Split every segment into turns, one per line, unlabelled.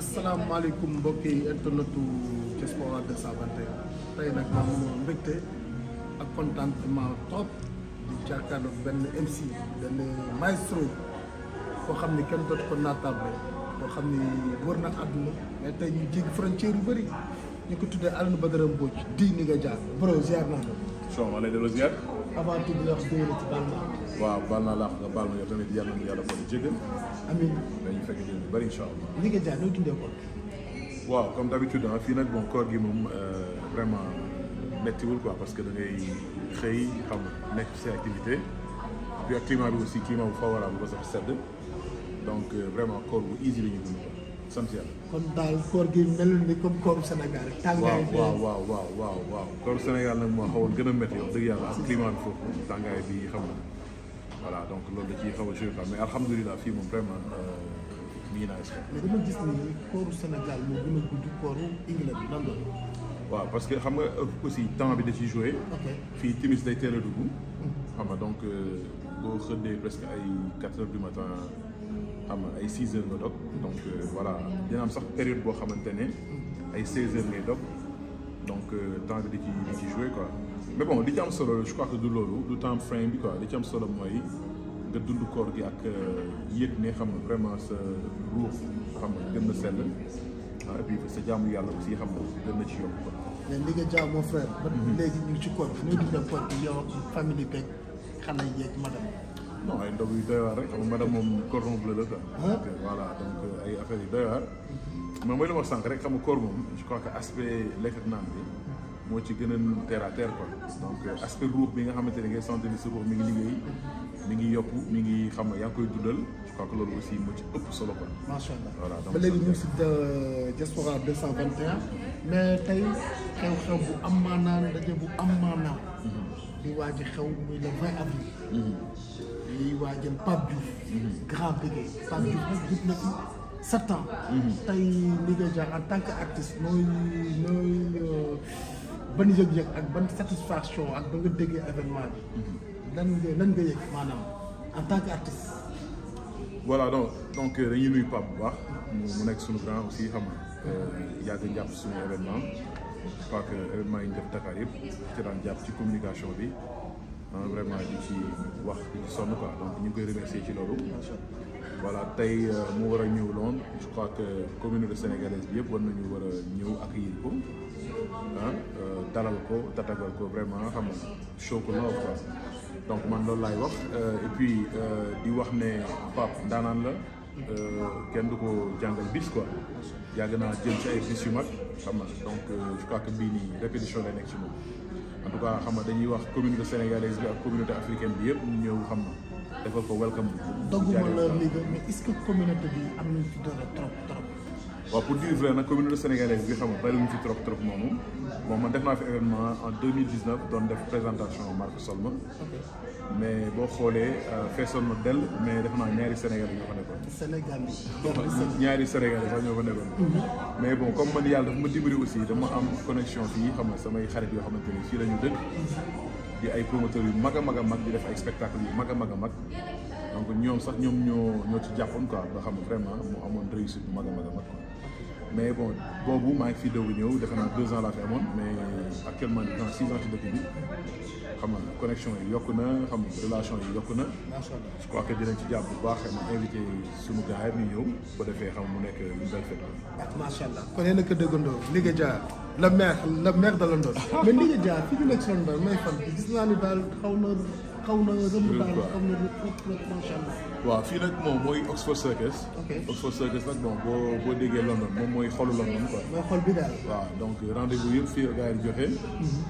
asalaamaaleykum mbokki internetu Thiès Paola 221 tey nag ma am mbégte ak contentement trop di jàkkaarloog benn MC benn maestro koo xam ni kenn dootu ko naatable koo xam ni wër na àdduna mais tey ñu jéggi frontière yu bëri ñu ko tuddee Alioune Badara Mbodj di ni nga jaar bro naa la.
so avant tout di wax béy la ci baal ma waaw baal naa laax nga baal ma yow tamit yàlla na yàlla boole jégal. amiin dañu fekk jël ñu bëri incha allah. liggéey daal ñoo dundee koor. waaw comme d' habitude ah fii nag bon koor gi moom euh, vraiment méttiwul quoi parce que da ngay xëy xam nekk ci sa activité puis ak climat bi aussi climat bu favorable ba sax sedd donc euh, vraiment koor bu easy la ñu dund. sant yàlla.
kon daal koor gi melul ni comme Sénégal. tàngaay bi waaw
waaw waaw waaw waaw kooru Sénégal nag moo xawoon gën a métti wax dëgg yàlla foofu tàngaay bi xam na voilà donc loolu da ciy xaw a mais alhamdulilah fii moom vraiment euh, mi ngi naan si Sénégal moo parce que xam nga euh, aussi temps bi da ciy joué. fii timis day teel a dugg. Hmm. xam nga donc euh, boo xëddee presque ay quatre heures du matin. xam ay 6 nga dog donc euh, voilà dina am sax période boo xamante ne ay 16 heures ngay donc euh, temps bi di ci di ci quoi mais bon li solo je que du loolu du temps frame bi quoi li am solo mooy nga dund koor gi ak euh, yéeg ne xam nga vraiment sa ruux nga gën na sell ah, et puis sa jaamu yàlla aussi xam na ci yokk quoi.
mais li nga jaaw mon frère. ba mhm. léegi non
ay ndog yu doy waar rek xam nga madame moom cordon bleu la quoi. voilà donc yu doy waar. mais mooy li ma sànq rek xam nga koor moom je crois que aspect lekk naan bi moo ci gën a terre à terre quoi donc eh, aspect ruux bi nga xamante ne ngay sentir ni sa ruux mi ngi liggéey mi ngi yokku mi ngi xam nga yaa ngi koy dundal je crois que loolu aussi moo ci ëpp solo quoi. macha allah voilà donc ba léegi ñu ngi si diaspora 221
mais tey xew-xew bu am maanaam daje bu am maanaam. Mhm. waaj xew muy waa waajal Pape Diouf. Mhm. grand brigade Pape Diouf nag jub mhm. tey li jaar en tant que artiste nooy nooy euh, ban yëg-yëg ak ban satisfaction ak ba nga déggee événement bi. Mhm. lan nga lan nga yëg maanaam en tant que artiste.
voilà donc donc euh, dañuy nuyu Pape bu mu nekk sunu grand aussi xam nga euh, yàgg jàpp suñu événement je crois yi ñu def yëpp ci daan jàpp ci communication bi. vraiment di ci wax di ci sonn quoi donc ñu ngi koy remercier ci loolu. voilà tey euh, mu war a ñëw loon je crois que communauté sénégalaise bi yëpp war nañu war a ñëw accueillir ko ah dalal ko tatagal ko vraiment xam nga show ko love quoi donc man loolu laay wax euh, et puis euh, di wax ne Pape ndaanaan la kenn du ko jàngal bis quoi yàgg naa jël ci ay bis yu mag xam donc je crois que bii nii répétition lay nekk ci moom. en tout cas xam nga dañuy wax communauté sénégalaise bi ak communauté africaine bi yëpp ñu ñëw xam na defal ko welcome bi. dogguma la
mais est-ce bi am nañu fi trop trop.
waaw pour dire vrai nag communauté sénégalaise bi nga xam ne bari wuñu fi trop trop noonu bon man def naa fi événement en 2019 doon def présentation Marc Solma mais boo xoolee euh, feesoon na dell mais def naa ñaari sénégalais ñoo fa nekkoon Sénégal bi ñaari sénégalais sax ñoo fa nekkoon mm-hmm. mais bon comme man yàlla dafa ma dimbali aussi dama am connexion fii xam nga samay xarit yoo xamante ni fii la ñu dëkk di ay promoteurs yu mag a mag a mag di def ay spectacle yu mag a mag a mag donc ñoom sax ñoom ñoo ñoo ci jàppoon quoi xam ne vraiment mu amoon réussite bu mag mag a mais bon boobu maa ngi fii doogu ñëw defe naa deux ans laa fi amoon mais actuellement dans six ans ci dëkk bi xam nga connexion yi yokku na xam nga relation yi yokku na je crois que dinañ ci jàpp bu baax xam nga invité suñu gars yi ñu ñëw ba defee xam mu nekk une belle fête ah, macha allah
kon yéen a ko déggandoo Ligue Dia la maire la maire de London mais Ligue Dia fi ñu nekk si London may fan bi gis naa ni daal xaw na xaw na rëmb daal xaw na rëpp
macha allah. waaw fii nag moom mooy Oxford Circus. ok Oxford Circus nag bon boo boo déggee London moom mooy xolu London quoi. mooy xol bi daal. waaw donc rendez-vous yëpp fii la gars yi joxe. Mhm.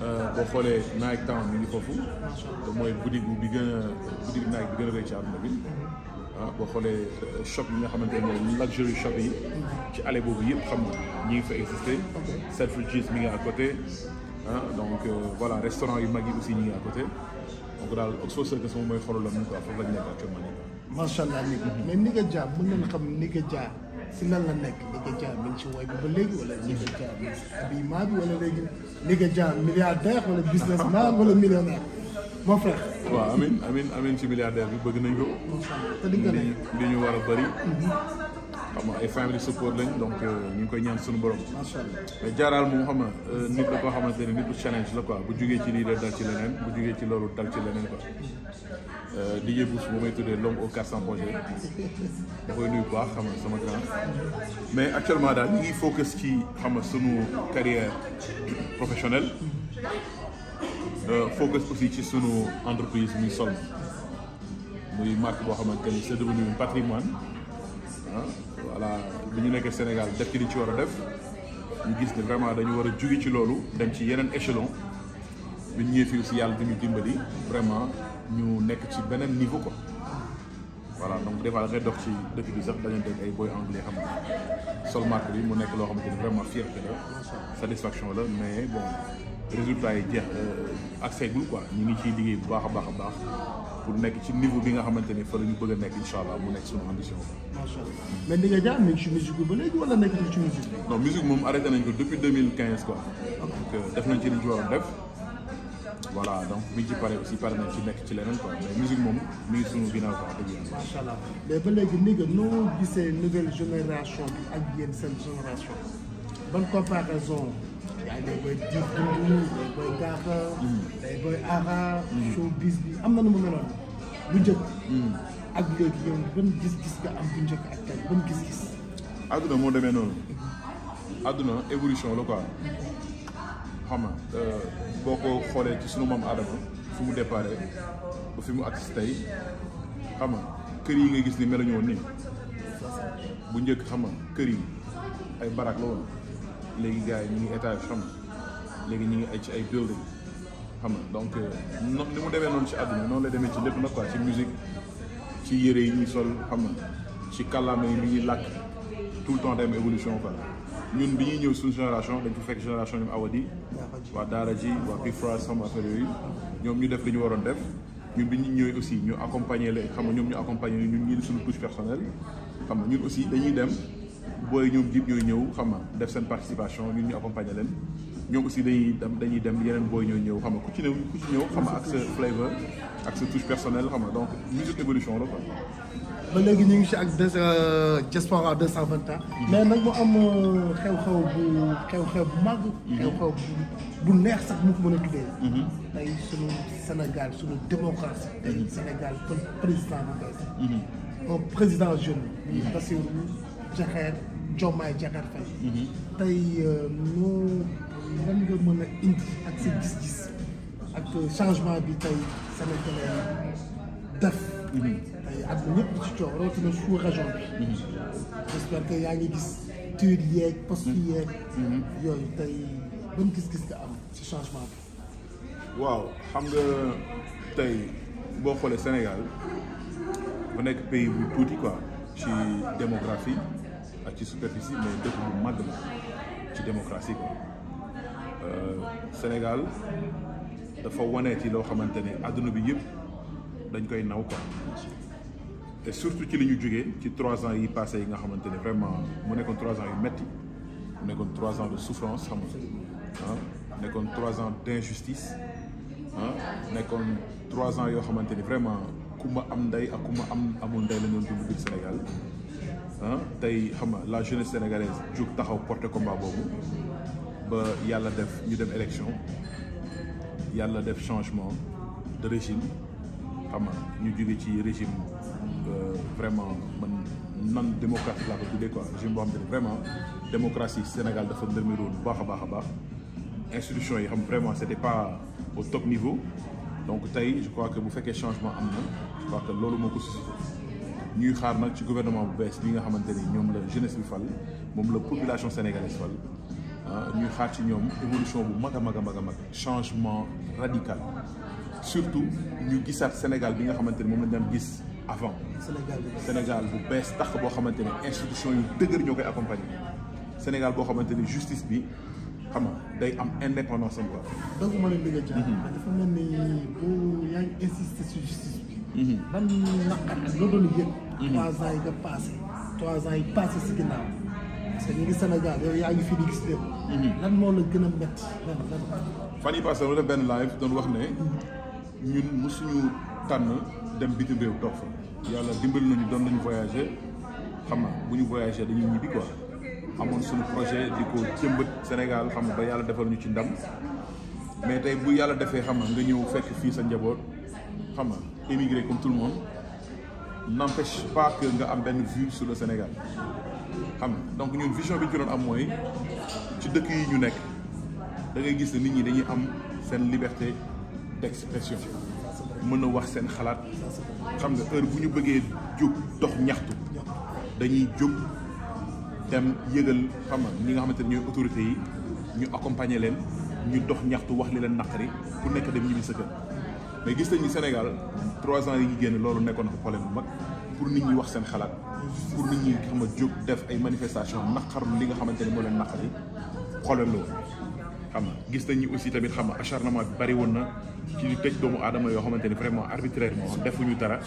Euh, boo xoolee Nike Town mi ngi foofu. te mooy boutique bu bi gën a boutique Nike bi gën a rëy ci àdduna bi. Mhm. ah boo xoolee euh, shop yi nga xamante ne mooy luxury shop yi. Mhm. ci allée boobu yëpp xam nga ñi ngi fa existé. Selfridges mi ngi à côté. ah donc euh, voilà restaurant yu mag yi aussi ñu ngi à côté. bu daal Oxford Circus moom mooy xolu la mu ko affaire la ñu nekk actuellement nii.
macha allah léegi mais Nigga Jah mën nañu xam Nigga Jah si lan la nekk Nigga Jah mi ngi ci woy bi ba léegi wala Nigga Jah mi habillement bi wala léegi Nigga Jah milliardaire wala businessman wala millionnaire mon frère. waaw amiin
amiin amiin ci milliardaire bi bëgg nañ ko. macha allah te di nga li ñu war a bëri. Mhm. xam nga ay family support lañ donc euh, ñu ngi koy ñaan suñu borom. macha allah mais jaaraal xam nga euh, koo xamante ne nit bu challenge la quoi bu jugee ci lii dal ci leneen bu jugee ci loolu dal ci leneen quoi. DJ Bouss bu may tuddee l'homme aux 400 projets da koy xam nga sama grand. mais actuellement daal ñu ngi focus ci xam nga sunu carrière professionnelle. Euh, focus aussi ci sunu entreprise muy Solma muy marque boo xamante ni c'est devenu un patrimoine voilà bi ñu nekkee Sénégal def ci li ci war a def ñu gis ne vraiment dañu war a jóge ci loolu dem ci yeneen échelon bi ñu ñëwee fii aussi yàlla dañu dimbali vraiment ñu nekk ci beneen niveau ko voilà donc des fois dafay dox ci dëkk bi sax dañu dégg ay boy anglais xam nga sol marque bi mu nekk loo xamante ni vraiment fierté la satisfaction la mais bon. résultat yi jeex euh, ak seegul quoi ñu ngi ciy liggéey bu baax a baax a baax pour nekk ci niveau bi nga xamante ne fa la ñu bëgg a nekk incha allah mu nekk suñu ambition quoi.
macha allah mais ni nga jaar nekk ci musique bi ba léegi wala
nekk ci musique bi. non musique moom arrêté nañ ko depuis 2015 quoi. donc euh, def nañ ci liñ ci waroon def. voilà donc mi ci pare aussi pare nañ ci nekk ci leneen quoi mais musique moom mi ngi suñu ginnaaw quoi dëgg yàlla. macha allah
mais ba léegi ni nga noo gisee nouvelle génération bi ak yéen seen génération ban comparaison. yaay day booy diif dundu bi am na nu mu meloon bu njëkk ak léegi yow ban gis-gis nga am bu njëkk ak tey ban gis-gis
adduna moo demee noonu adduna évolution la quoi euh, boo ko xoolee ci sunu maam Adama fu mu déparé ba fi mu agg si kër yi nga gis ni meluñu woon nii bu njëkk xam kër yi ay barak la woon léegi gars yi ñu ngi étage xam nga léegi ñu ngi ay ci ay building xam nga donc euh, noonu li mu demee noonu ci àdduna noonu la demee ci lépp nag quoi ci musique ci yére yi ñuy sol xam nga ci kàllaama yi ñuy làkk tout le temps day am évolution quoi ñun bi ñuy ñëw suñu génération dañ ko fekk génération ñoom Awadi waa Daara ji waa Pifra sama affaire yooyu ñoom ñu def li ñu waroon def ñun bi ñu ñëwee aussi ñu accompagner la xam na ñoom ñu accompagner ñun ñii suñu touche personnelle xam nga ñun aussi dañuy dem. booy ñoom jiit ñooy ñëw xam nga def seen participation ñun ñu accompagner leen ñoom si dañuy dem dañuy dem yeneen booy ñooy ñëw xam nga ku ci ñëw ku ci xam nga ak sa flavor ak sa touche personnelle xam nga donc musique évolution la quoi.
ba léegi ñu ngi si ak euh, diaspora 221. Mhm. mais nag mu am euh, xew-xew bu xew-xew bu mag. Mhm. xew-xew bu neex sax mu ko mën a tuddee. Mhm. tey sunu Sénégal sunu démocratie. tey Sénégal président bu bees. un président jeune. Bassirou Jaxeer Jommaay Jaxeer Faye mhm. tey noo euh, lan nga mën a indi ak sa changement bi tey Sénégalais def mhm. tey at na ñëpp ci coow rawatina sous bi mhm. j'espère que yaa ngi gis tuuti yeeg poste yeeg tey ban gis-gis am changement
bi waaw xam nga tey boo xoolee Sénégal bu nekk pays bu tuuti quoi ci démographie ak ci superficie mais dëkk bu mag la ci démocratie quoi euh, Sénégal dafa wane ci loo xamante ne àdduna bi yëpp dañ koy naw quoi et surtout ci li ñu jógee ci trois ans yi passé yi nga xamante ne vraiment mu nekkoon trois ans yu metti mu nekkoon trois ans de souffrance xam nga ah nekkoon trois ans d' injustice ah nekkoon trois ans yoo xamante ni vraiment ku ma am ndey ak ku ma am amul ndey la ñu doon dund Sénégal ah, tey xam nga la jeunesse sénégalaise jóg taxaw porté combat boobu ba yàlla def ñu dem élection yàlla def changement de régime xam nga ñu jóge ci régime euh, vraiment man nan démocratie laa ko tuddee quoi régime boo xam te ne vraiment démocratie Sénégal dafa ndërmiroon bu baax a baax a baax institution yi xam vraiment c'était pas au top niveau donc tey je crois bu fekkee changement am na parce que loolu moo ko suscité ñuy xaar nag ci guvernement bu bees bi nga xamante ni ñoom la jeunesse bi fal moom la population sénégalaise fal ah, ñuy xaar ñoom évolution bu mag a mag mag a mag changement radical surtout ñu gisaat Sénégal bi nga xamante ni moom lañ daan gis avant. Sénégal bu bees tax boo xamante ne institution yu dëgër ñoo koy accompagner Sénégal boo xamante ni justice bi xam nga day am indépendance am quoi. donc
ma leen dëgg mhm. dafa mel ni bu yaa ngi insister justice. Mhm. ban naqar ak loo doon yëg. Mhm. trois ans yi nga passé trois ans yi passé si ginnaaw parce que ñu ngi Sénégal yow yaa ngi fi di gis lépp. lan moo la gën a métti lan lan.
fan yii passé benn live doon wax ne ñun mosuñu tànn dem bitim réew toog fa yàlla dimbali nañu doon lañu voyager xam nga bu ñu voyager dañuy ñibbi quoi. amoon suñu projet di ko jëmbat Sénégal xam nga ba yàlla defal ñu ci ndam mais tey bu yàlla defee xam nga nga ñëw fekk fii sa njaboot. xam nga émigré comme tout le monde n'empêche pas que nga am benn vue sur le Sénégal xam nga donc ñun vision bi ñu doon am mooy ci dëkk yi ñu nekk da ngay gis ne nit ñi dañuy am seen liberté d'expression mën na wax seen xalaat xam nga heure bu ñu bëggee jóg dox ñaxtu dañuy jóg dem yëgal xam nga ñi nga xamante ne ñooy autorités yi ñu accompagner leen ñu dox ñaxtu wax li leen naqari pour nekk dem ñibbi sa kër mais gis nañu Sénégal trois ans yi ñu génn loolu nekkoon na problème bu mag pour nit ñi wax seen xalaat pour nit ñi xam nga jóg def ay manifestation naqarlu li nga xamante ne moo leen naqari problème la woon xam nga gis nañu aussi tamit xam nga acharnement bi bari woon na ci li tëj doomu aadama yoo xamante ne vraiment arbitrairement defuñu dara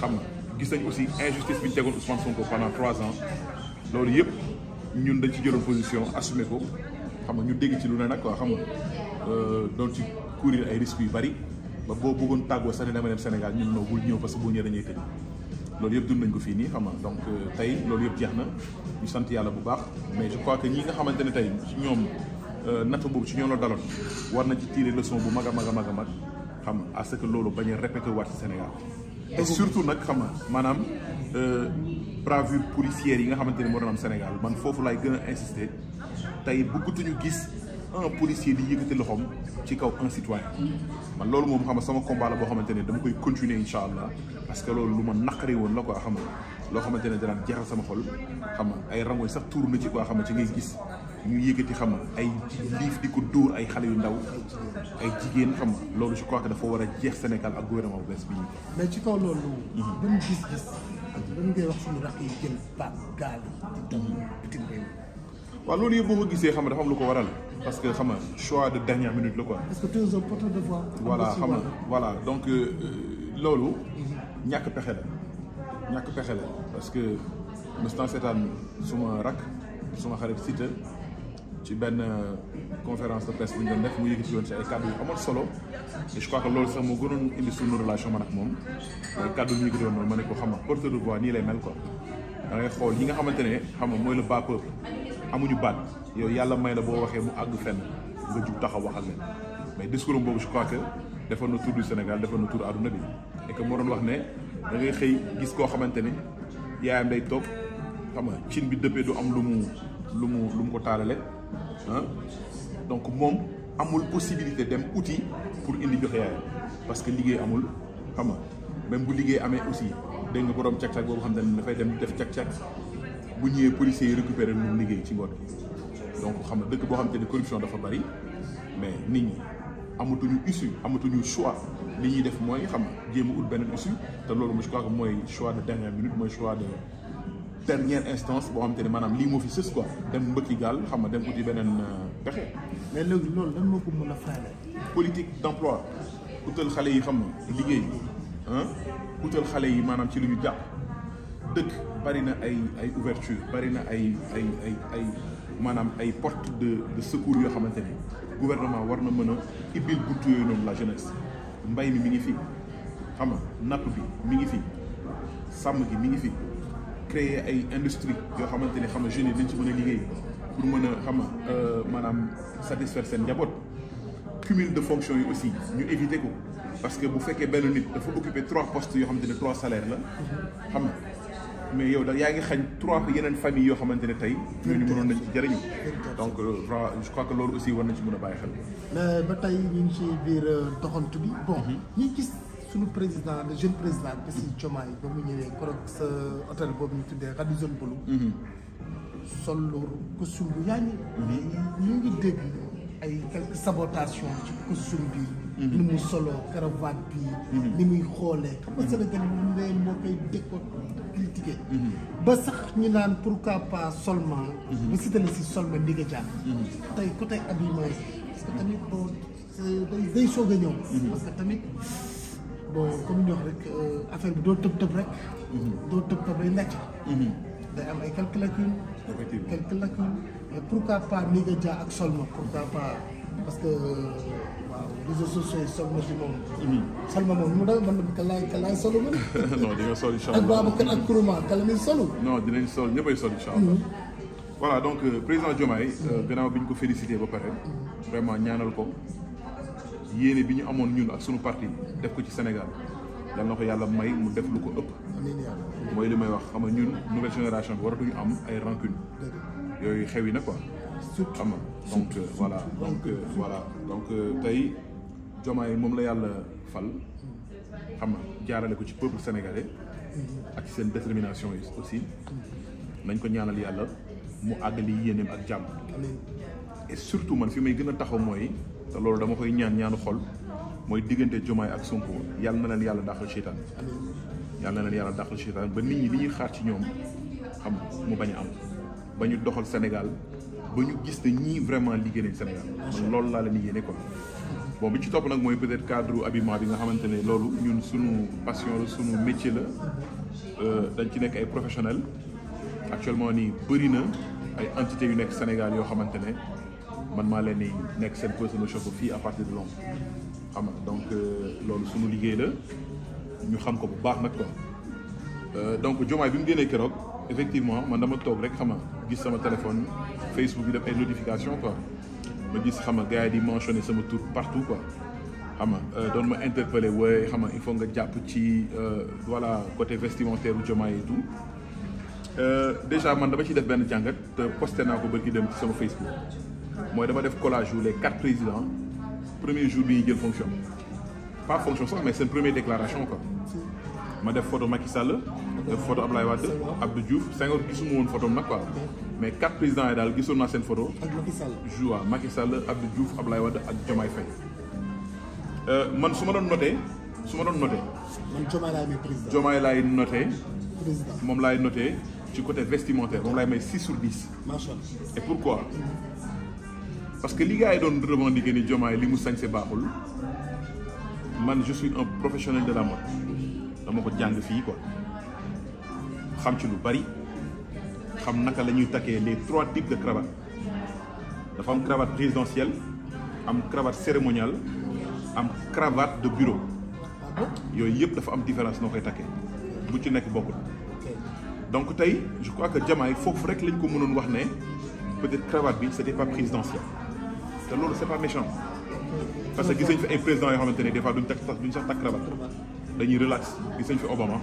xam nga gis nañ aussi injustice bi ñu tegoon Ousmane Sonko pendant trois ans loolu yëpp ñun dañ ci jëloon position assumé ko xam nga ñu dégg ci lu ne nag quoi xam nga euh, doon ci courir ay risques yu bari ba boo bëggoon tàggoo sax ne dama dem Sénégal ñun noo bul ñëw parce que boo ñëwee dañuy tëj loolu yëpp dund nañ ko fii nii xam nga euh, tey loolu yëpp jeex na ñu sant yàlla bu baax mais je crois ñi nga xamante ne tey ci ñoom euh, natt boobu ci ñoom la daloon war na ci tirer leçon bu mag a mag a mag a mag xam nga à que loolu bañ a répété waat ci Sénégal. et surtout nag xam na maanaam euh, bravure policière yi nga xamante ne moo doon am Sénégal man foofu laay gën a insister tey bëggatuñu gis. un policier di yëkkati loxoom ci kaw un citoyen man loolu moom xam nga sama combat la boo xamante ne dama koy continuer incha allah parce que loolu lu ma naqari woon la quoi xam loo xamante ne danaan jeexal sama xol xam nga ay rangoñ sax tour na ci quoi xam nga ci ngay gis ñu yëkkati xam nga ay liif di ko dóor ay xale yu ndaw ay jigéen xam nga loolu je crois que dafa war a jeex Sénégal ak gouvernement bu bees bi ñu.
mais ci kaw loolu. Mhm. ba gis-gis. lan ngay wax suñu rakk yi jël baag gaal yi. di dem bitim
yëpp boo ko gisee xam dafa am lu ko waral. parce que xam nga de dernière minute la quoi. parce que tu
es voilà xam nga
voilà donc euh, euh, loolu. Mhm. ñàkk pexe la. ñàkk pexe la parce que mës naa seetaan suma rak suma xarit Siteu ci benn euh, conférence de presse bu ñu doon def mu yëkkati woon ci ay kàddu yu solo et que loolu sax moo gënoon indi suñu relation man ak moom kàddu yu ñu yëkkati noonu ma ne ko xam nga porteur de voix nii lay mel quoi da xool ñi nga xamante ne xam nga mooy le bas peuple amuñu baat. yow yàlla may la boo waxee mu àgg fen nga jug taxaw waxal leen mais discours boobu je crois que defar na tour du Sénégal defar na tour àdduna bi et que moo doon wax ne da ngay xëy gis koo xamante ni yaayam day toog xam nga cin du am lu mu lu mu lu mu ko taalale donc moom amul possibilité dem outil pour indi joxe yaayam parce que liggéey amul xam nga même bu liggéey amee aussi dégg nga borom càq-càq boobu xam ne dafay dem def càq-càq bu ñëwee policiers yi récupéré lu mu liggéey ci ngoon gi donc xam na dëkk boo xamante ni corruption dafa bari mais nit ñi amatuñu issue amatuñu choix li ñuy def mooy xam nga jéem ut beneen issue te loolu je crois que mooy choix de dernière minute mooy choix de dernière instance boo xamante ne maanaam lii moo fi sës quoi dem mbëkki gaal xam na dem uti beneen euh, pexe.
mais léegi loolu lan moo ko mën a faale.
politique d'emploi utal xale yi xam nga liggéey ah utal xale yi maanaam ci lu ñu jàpp dëkk bari na ay ay ouverture bari na ay ay ay. maanaam ay porte de de secours yoo xamante ni gouvernement war na mën a ibbil bunt yooyu noonu la jeunesse mbay mi mi ngi fi xam nga napp bi mi ngi fi sàmm gi mi ngi fi créer ay industrie yoo xamante ni xam nga jeunes yi dañ ci mën a liggéey pour mën a xam nga euh, maanaam satisfaire seen njaboot cumul de fonction yi aussi ñu éviter ko parce que bu fekkee benn nit dafa occuper trois postes yoo xamante ni trois salaires la xam mais yow da yaa ngi xañ trois yeneen famille yoo xamante ne tey ñooñu mënoon nañ ci jëriñu donc euh, je loolu aussi war nañ ci mën a bàyyi xel
mais euh, ba tey ñu ngi ci biir euh, doxantu bi bon mhm. ñi gis suñu président le jeune président Bassirou Diomaye ba mu ñëwee korog sa hôtel boobu ñu tuddee Radisson Blu mhm. sol loolu costume bu yaa ngi mhm. ñu ngi dégg ay quelques sabotations ci costume bi Mm-hmm. Mm-hmm. ni muy solo cravate bi ni muy xoolee xam nga mm-hmm. Sénégal bu ne moo koy déko critiqué ba sax ñu naan pourquoi sol seulement ba sitale si sol solma ndiga jaan tey côté habillement parce que tamit day soog a ñëw parce que tamit bon comme ñu wax rek euh, affaire bi doo tëb tëb rek doo tëb tëb day nekk day am ay quelques lacunes quelques lacunes mais pourquoi pas ndiga jaan ak solma pourquoi pas parce que waaw sociaux yi sol na ci moom. Mhm. Salma moom mu ma. non di nga
sol incha allah ak Babacar ak
Kourouma kala mi solu.
ñëppay sol incha allah. Mhm. voilà donc euh, président Diomaye euh, mhm. gannaaw bi ñu ko félicité ba pare. vraiment ñaanal ko yéene bi ñu amoon ñun ak sunu parti def ko ci Sénégal yal na ko yàlla may mu def lu ko ëpp. mooy li may wax xam nga ñun nouvelle génération bi waratuñu am ay rancune yooyu xew yi na quoi. xam na donc euh, euh, voilà donc voilà euh, donc tey Diomaye moom la yàlla fal xam nga jaarale ko ci pour sénégalais ak seen détermination yi aussi nañ ko ñaanal yàlla mu àggali yéeneem ak jàmm et surtout man fi may gën a taxaw mooy te loolu dama koy ñaan ñaanu xol mooy diggante Diomaye ak Sonko yàlla na leen yàlla dàqal seytaan yàlla na leen yàlla dàqal seytaan ba nit ñi li ñuy xaar ci ñoom xam mu bañ a am ba ñu doxal Sénégal ba ñu gis ne ñii vraiment liggéey nañ Sénégal loolu laa leen di yéene quoi boobu bi ci topp nag mooy peut-être cadre bi nga xamante ne loolu ñun suñu passion la suñu métier la euh, dañ ci nekk ay professionnel actuellement nii bëri na ay entité yu nekk Sénégal yoo xamante ne man maa leen di nekk seen personal shopper fii à partir de Londres xam nga donc euh, loolu suñu liggéey la ñu xam ko bu baax nag quoi euh, donc Diomaye bi mu génnee keroog effectivement man dama toog rek xam gis sama téléphone Facebook bi def ay notification quoi ma gis xama nga yi di mentionné sama tur partout ko xam nga euh, doon ma interpellé wooy xam nga il faut nga jàpp ci euh, voilà côté vestimentaire u Diomaye et tout euh, déjà man dama ci def benn jàngat te posté naa ko bërki dem ci sama Facebook mooy dama def collage wu les quatre présidents premier jour bi ñu jël fonction pas fonction sax mais seen premier déclaration ko ma def photo Macky Sall def photo Abdoulaye Wade Abdou Diouf Senghor gisuma woon photo nag mais quatre présidents yi daal gisoon naa seen photo joa Macky Sall Abdou Diouf Abdoulaye Wade ak Diomaye Faye euh, man su ma doon noté su ma doon noté Diomaye laay noté moom laay noté ci côté vestimentaire moom laay may 6 sur 10 et pourquoi parce que li gars yi doon revendiquer ni Diomaye li mu sañse baaxul man je suis un professionnel de la mode dama ko jàng fii ko xam ci lu bari xam naka la ñuy takkee les trois types de cravate dafa am cravate présidentielle am cravate cérémoniale am cravate de bureau yooyu yëpp dafa am différence noo koy takkee bu ci nekk bokkul donc tey je crois que Diomaye foofu rek lañ ko mënoon wax ne peut-être cravate bi c'était pas présidentiel te loolu c'est pas méchant parce que gis nañ fi ay présidents yoo xamante ne des duñ takk duñ sax takk cravate dañuy relax gis nañ fi Obama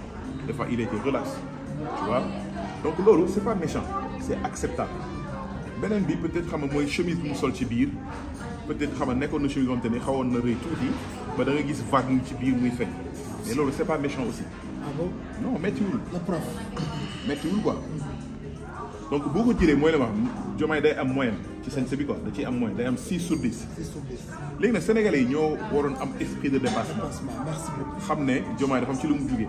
des fois il relax donc loolu c'est pas méchant c'est acceptable beneen bi peut-être xam nga mooy chemise bu mu sol ci biir peut-être xam nga nekkoon na chemise wante ni xawoon na rëy tuuti ba da gis vague ci biir muy fekk mais loolu c'est pas méchant aussi. ah bon non méttiwul. la prof donc boo ko jëlee mooy la wax day am moyenne ci sañse bi quoi da ciy am moyenne day am 6 sur 10. 6 sur 10 léegi nag sénégalais yi ñoo waroon am esprit de dépassement. merci beaucoup xam ne Diomaye dafa am ci lu mu jugee.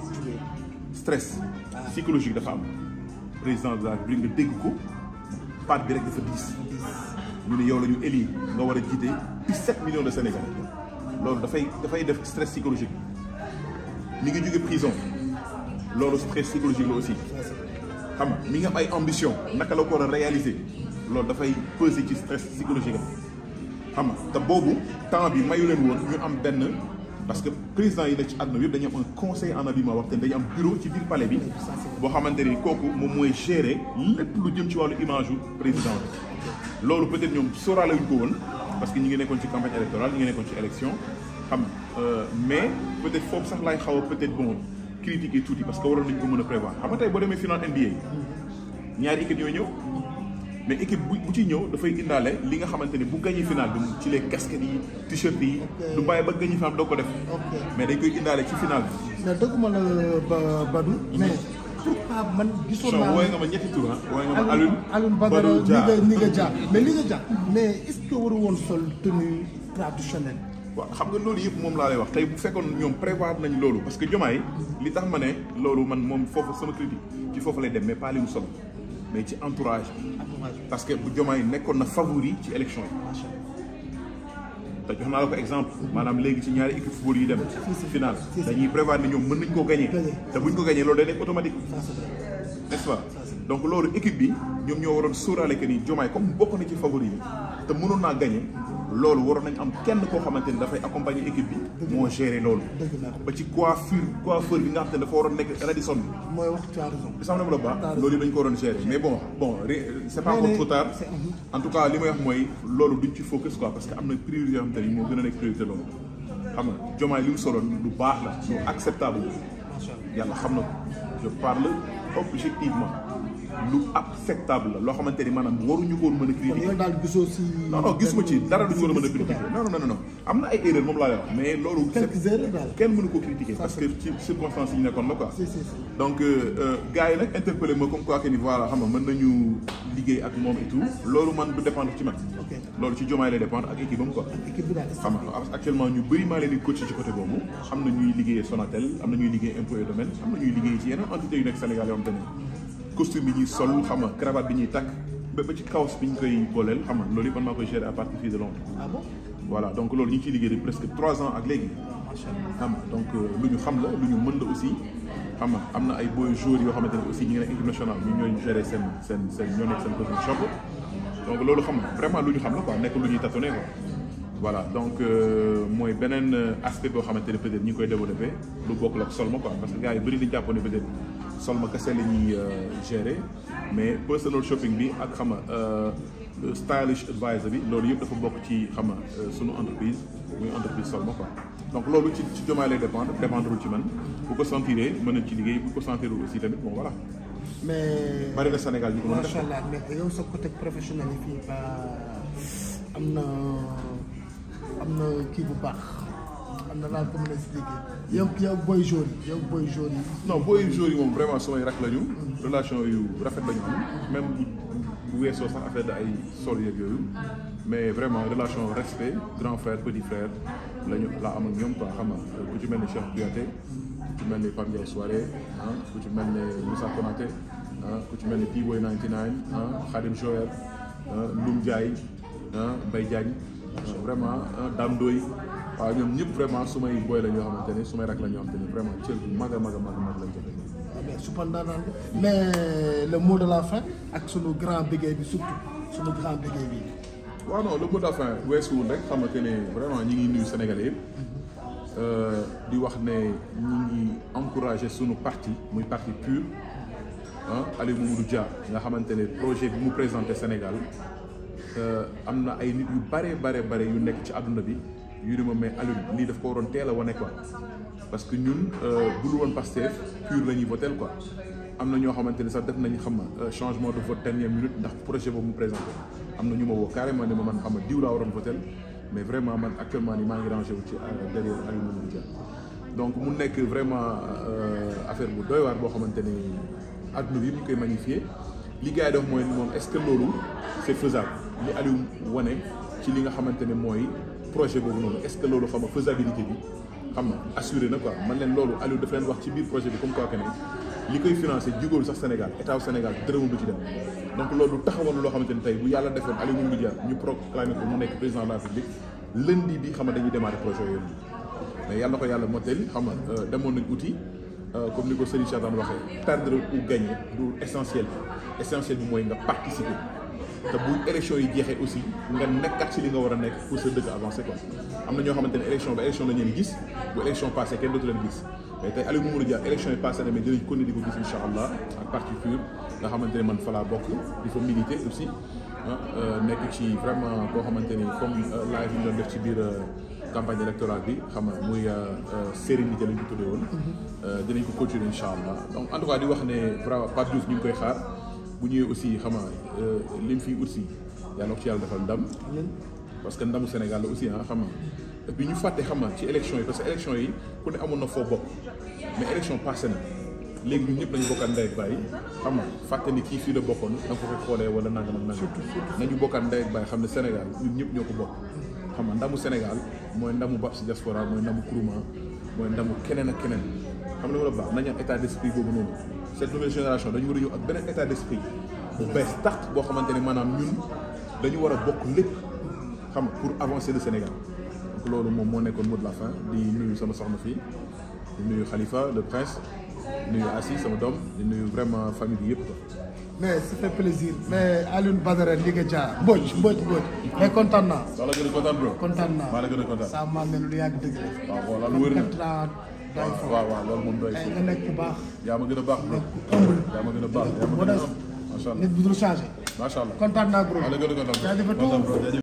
stress ah. psychologique dafa am président de la République nga dégg ko part bi rek dafa diis. ñu ne yow la ñu éli nga war a jiite 17 millions de sénégalais loolu dafay dafay def stress psychologique mi ngi jóge prison loolu stress psychologique la aussi. xam mi nga am ay ambition naka la ko war a réaliser loolu dafay peser ci stress psychologique am xam nga te boobu temps bi mayu leen woon ñu am benn parce que président yi nekk ci àdduna yëpp dañu am un conseil en habillement wax te dañu am bureau ci biir pale bi boo xamante ni kooku moom mooy gérer lu jëm ci wàllu image yu président loolu peut-être ñoom sóoraale wuñ ko woon parce que ñu ngi nekkoon ci campagne électorale ñu ngi nekkoon ci élection xam euh, mais peut-être foofu sax laay xaw a peut-être bon critiquer tuuti parce que waroon nañu ko mën a prévoir xam nga tey boo demee final NBA ñaari équipe ñooy ñëw mais équipe bu bu ciy ñëw dafay indaale li nga xamante ni bu gagné final bi ci les casquettes yi t-shirt yi. du bàyyi ba gagné final doo ko def. mais dañ koy indaale ci final bi.
mais dëgguma la Badou. Mhm. mais pourquoi man. gisoon naa wooye nga
ma ñetti tur ah. wooye nga ma Alioune. Alioune Badara Badou Dia Liga Liga Dia mais Liga Dia
mais est-ce que waru woon sol tenue traditionnelle.
waaw xam nga loolu yëpp moom laa lay wax tey bu fekkoon ñoom prévoir nañ loolu parce que Diomaye li tax ma ne loolu man moom foofu sama critique ci foofu lay dem mais pas li mu solo mais ci entourage parce que bu Diomaye nekkoon na favori ci élection yi te jox naa la ko exemple maanaam léegi ci ñaari équipe football yi dem final dañuy prévoir ne ñoom mën nañ ko gagné te buñ ko gagné loolu day nekk automatique n'est-ce donc loolu équipe bi ñoom ñoo waroon sóoraale que ni Diomaye comme bokk na ci favori yi te mënoon naa gagné loolu waroon nañ am kenn koo xamante ni dafay accompagner équipe bi. moo gérer loolu. ba ci coiffure coiffeur bi nga xam ne dafa waroon nekk Radisson bi. mooy wax sax na ma la baax loolu dañ ko waroon gérer mais bon bon c' est pas encore trop en tout cas li may wax mooy loolu duñ ci focus quoi parce que am na priorité yoo xam moo gën a nekk priorité loolu. xam nga jomaay li mu solo lu baax la lu acceptable yàlla xam na ko je parle objectivement. lu acceptable la loo xamante ni maanaam waruñu ko mën a critiquer. kon daal gisoo ci dara duñu war a mën a critiquer. am na ay erreur moom laa lay mais loolu. quelques kenn mënu ko critiquer. parce que ci circonstances yi nekkoon la quoi. si si si euh, euh, ma comme quoi que ni voilà xam nga mën nañu liggéey ak moom et tout. loolu man du dépendre ci man. loolu ci Diomaye lay dépendre ak équipe am quoi. ak actuellement ñu bëri maa leen di ci côté boobu. am na ñuy liggéeyee Sonatel am na ñuy liggéey impôt domaine am na ñuy costume bi ñuy sol xam nga bi ñuy takk ba ba ci kawas bi ñu koy booleel xam loolu yi man maa koy gérer à de Londres. ah donc loolu ñu ngi ciy liggéey presque trois ans ak léegi. xam nga donc euh, lu ñu xam la lu ñu mën la aussi. xam nga am na ay booy joueurs yoo xamante ne aussi ñu ngi nekk équipe nationale ñu gérer seen seen ñoo nekk seen costume shop. donc loolu xam nga lu ñu xam la quoi nekk lu ñuy tâtonné quoi. voilà donc euh, mooy beneen euh, aspect boo xamante ne peut-être koy développé lu bokk la ak sol ma kese la ñuy euh, gérer mais personal shopping bi ak xam nga euh, stylish advisor bi loolu yëpp dafa bokk ci xam nga euh, sunu entreprise muy entreprise sol ma quoi. loolu ci ci jomaay lay dépendre dépendre ci man bu ko sentiree mën nañ ci liggéey bu ko sentirul aussi tamit bon voilà.
mais bari Sénégal ñu ko mën allah mais yow sa côté professionnel yi fii ba am na am na kii bu baax. man danaa ko mën a expliqué yow yow boy jour yi yow boy jour yi non boy jour yi moom
vraiment samay rak la ñu relation yu rafet la ñu am même bu weesoo sax affaire da ay sol yeeg yooyu mais vraiment relation respect grand frère petit frère la ñu la am ak ñoom quoi xam nga euh, ku ci mel ni Cheikh Kouyaté ku ci mel ni Pape Ndiaye Soirée ah ku ci mel ni Moussa Konaté ah ku ci mel ni Piboy 99 ah Khadim Joel ah Loum Ndiaye ah Mbaye Diagne ah, vraiment ah, Dame Ndoye waaw ñoom ñëpp vraiment su may booy la ñoo xamante ne su may rak la ñoo xamante ne vraiment cër bu mag a mag a mag a mag lañ ah,
mais cependant le mot de la fin ak suñu grand bégay bi surtout sunu grand bégay bi.
waaw non le mot de la fin weesuwul rek xam nga ne vraiment ñi ngi nuyu Sénégalais yëpp. Mhm. Euh, di wax ne ñi ngi encouragé sunu parti muy parti PUR ah Aliou Mamadou Dia nga xamante ne projet bi mu présenté Sénégal euh, am na ay nit yu bare bare bare yu nekk ci àdduna bi. ñu ne ma mais Alioune lii daf ko waroon teel a wane quoi parce que ñun euh, bu dul woon Pastef pur la ñuy votel quoi am na ñoo xamante ne sax def nañu xam ma euh, changement de vote dernière minute ndax projet boobu mu am na ñu ma woo carrément ne ma man xam na diw laa waroon votel mais vraiment man actuellement ni maa ngi rangé wu ci euh, derrière Alioune Mamadou Dia donc mu nekk vraiment affaire bu doy waar boo xamante ni adduna bi yëpp ñu koy magnifier li gaa yi def mooy moom est-ce que loolu c'est faisable wane ci li nga xamante ne mooy projet boobu noonu est-ce que loolu xam nga faisabilité bi xam assuré na quoi man leen loolu Aliou daf leen wax ci biir projet bi comme quoi que li koy financé jugóolu sax Sénégal état wu Sénégal dërëmu du ci dem donc loolu taxawal loo xamante ne tey bu yàlla defoon Aliou Ngouille Ndiaye ñu proclamé ko mu nekk président la République lundi bi xam nga dañuy démarré projet yooyu mais yàlla ko yàlla motali xam nga euh, demoon nañ outil euh, comme ni ko Serigne Cheikh daan waxee perdre ou gagner du essentiel essentiel bi mooy nga participer te bu élection yi jeexee aussi nga nekkat ci li nga war a nekk pour sa dëkk avancer quoi am na ñoo xamante ne élection ba élection la ñu leen gis bu élection passé kenn dootu leen gis mais tey na mais dinañ continuer allah ak parti nga xamante ne man fa bokk di fa militer aussi ah, euh, nekk ci vraiment koo xamante ni comme euh, live yi ñu def ci biir euh, campagne électorale bi xam nga muy sérénité lañ ko tuddee woon. Mm-hmm. dinañ ko continuer incha allah donc en wax ne vraiment Pape ñu ngi bu ñëwee aussi xam nga euh, li mu fiy ut si yàlla ko ci yàlla defal ndam. parce que ndamu Sénégal la aussi ah xam nga ñu fàtte xam nga ci élection yi parce que élection yi ku ne amoon na foo bokk mais élection passé na ñëpp nañu bokkaat ndey ak bàyyi xam nga ni kii fii la bokkoon da nga ko fay xoolee wala nangam ak nangam. surtout surtout nañu bokkaat ndey ak bàyyi xam ne Sénégal ñun ñëpp ñoo ko bokk. xam nga ndamu Sénégal mooy ndamu Babs diaspora mooy ndamu Kourouma mooy ndamu keneen ak keneen xam nga lu la baax nañu am cette nouvelle génération dañu war a état d'esprit bu bees tax boo xamante ne maanaam ñun dañu war a bokk lépp xam pour avancer le Sénégal donc loolu moom moo nekkoon mot de la fin di nuyu sama soxna fii di nuyu Khalifa le prince di nuyu Assi sama doom di vraiment famille bi yëpp
mais ça fait plaisir mais Alioune Badara Ndiga Dia Mbodj Mbodj Mbodj mais kontaan naa. maa la gën a kontaan bro. kontaan naa de la gën a kontaan. saa maa mel lu yàgg dëgg
la. waaw ah, voilà lu wër na doy fa waaw waaw loolu moom doy fa nga nekk ku baax. yaa ma gën a baax. nekk ku ëmb yaa ma gën a baax yaa ma gën a am macha allah
nit bu dul changé. macha allah kontaan naa
gërëm.